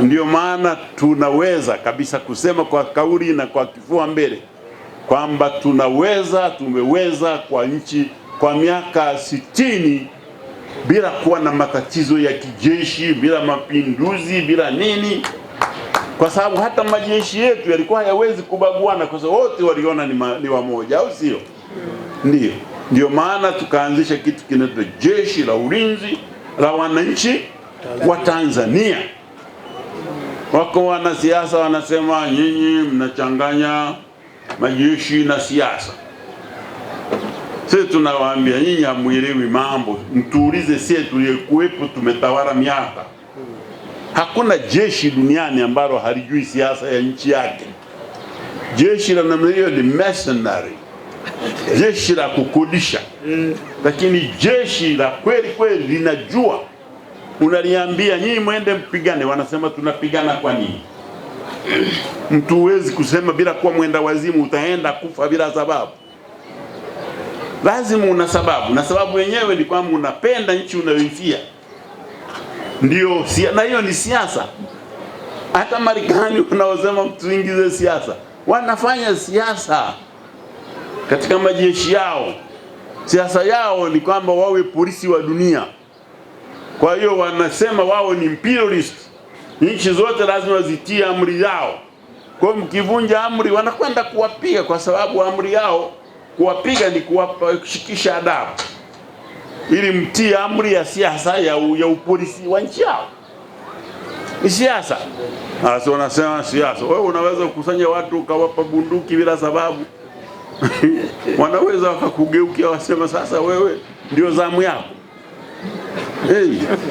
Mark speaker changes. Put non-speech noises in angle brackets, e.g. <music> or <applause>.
Speaker 1: ndio maana tunaweza kabisa kusema kwa kauli na kwa kifua mbele kwamba tunaweza, tumeweza kwa nchi kwa miaka sitini bila kuwa na matatizo ya kijeshi, bila mapinduzi, bila nini, kwa sababu hata majeshi yetu yalikuwa hayawezi kubaguana kwa sababu wote waliona ni, ma, ni wamoja, au sio? Ndio, ndio maana tukaanzisha kitu kinaitwa jeshi la ulinzi la wananchi wa Tanzania. Wako wanasiasa wanasema nyinyi mnachanganya majeshi na siasa. Sisi tunawaambia nyinyi hamuelewi mambo, mtuulize sisi tuliyekuwepo, tumetawala miaka. Hakuna jeshi duniani ambalo halijui siasa ya nchi yake. Jeshi la namna hiyo ni mercenary, jeshi la kukodisha, lakini jeshi la kweli kweli linajua unaliambia nyinyi mwende mpigane, wanasema tunapigana kwa nini? <clears throat> Mtu huwezi kusema bila kuwa mwenda wazimu, utaenda kufa bila sababu. Lazima una sababu, na sababu yenyewe ni kwamba unapenda nchi unayoifia. Ndio, na hiyo ni siasa. Hata Marekani <laughs> wanaosema tuingize siasa, wanafanya siasa katika majeshi yao. Siasa yao ni kwamba wawe polisi wa dunia. Kwa hiyo wanasema wao ni imperialist, nchi zote lazima zitie amri yao. Kwa hiyo mkivunja amri wanakwenda kuwapiga, kwa sababu amri yao kuwapiga ni kuwashikisha adabu, ili mtii amri ya siasa ya, ya upolisi wa nchi yao. Ni siasa hasa, wanasema siasa. Wewe unaweza kukusanya watu ukawapa bunduki bila sababu <laughs> wanaweza wakakugeukia, wasema sasa wewe ndio zamu yako. Ei,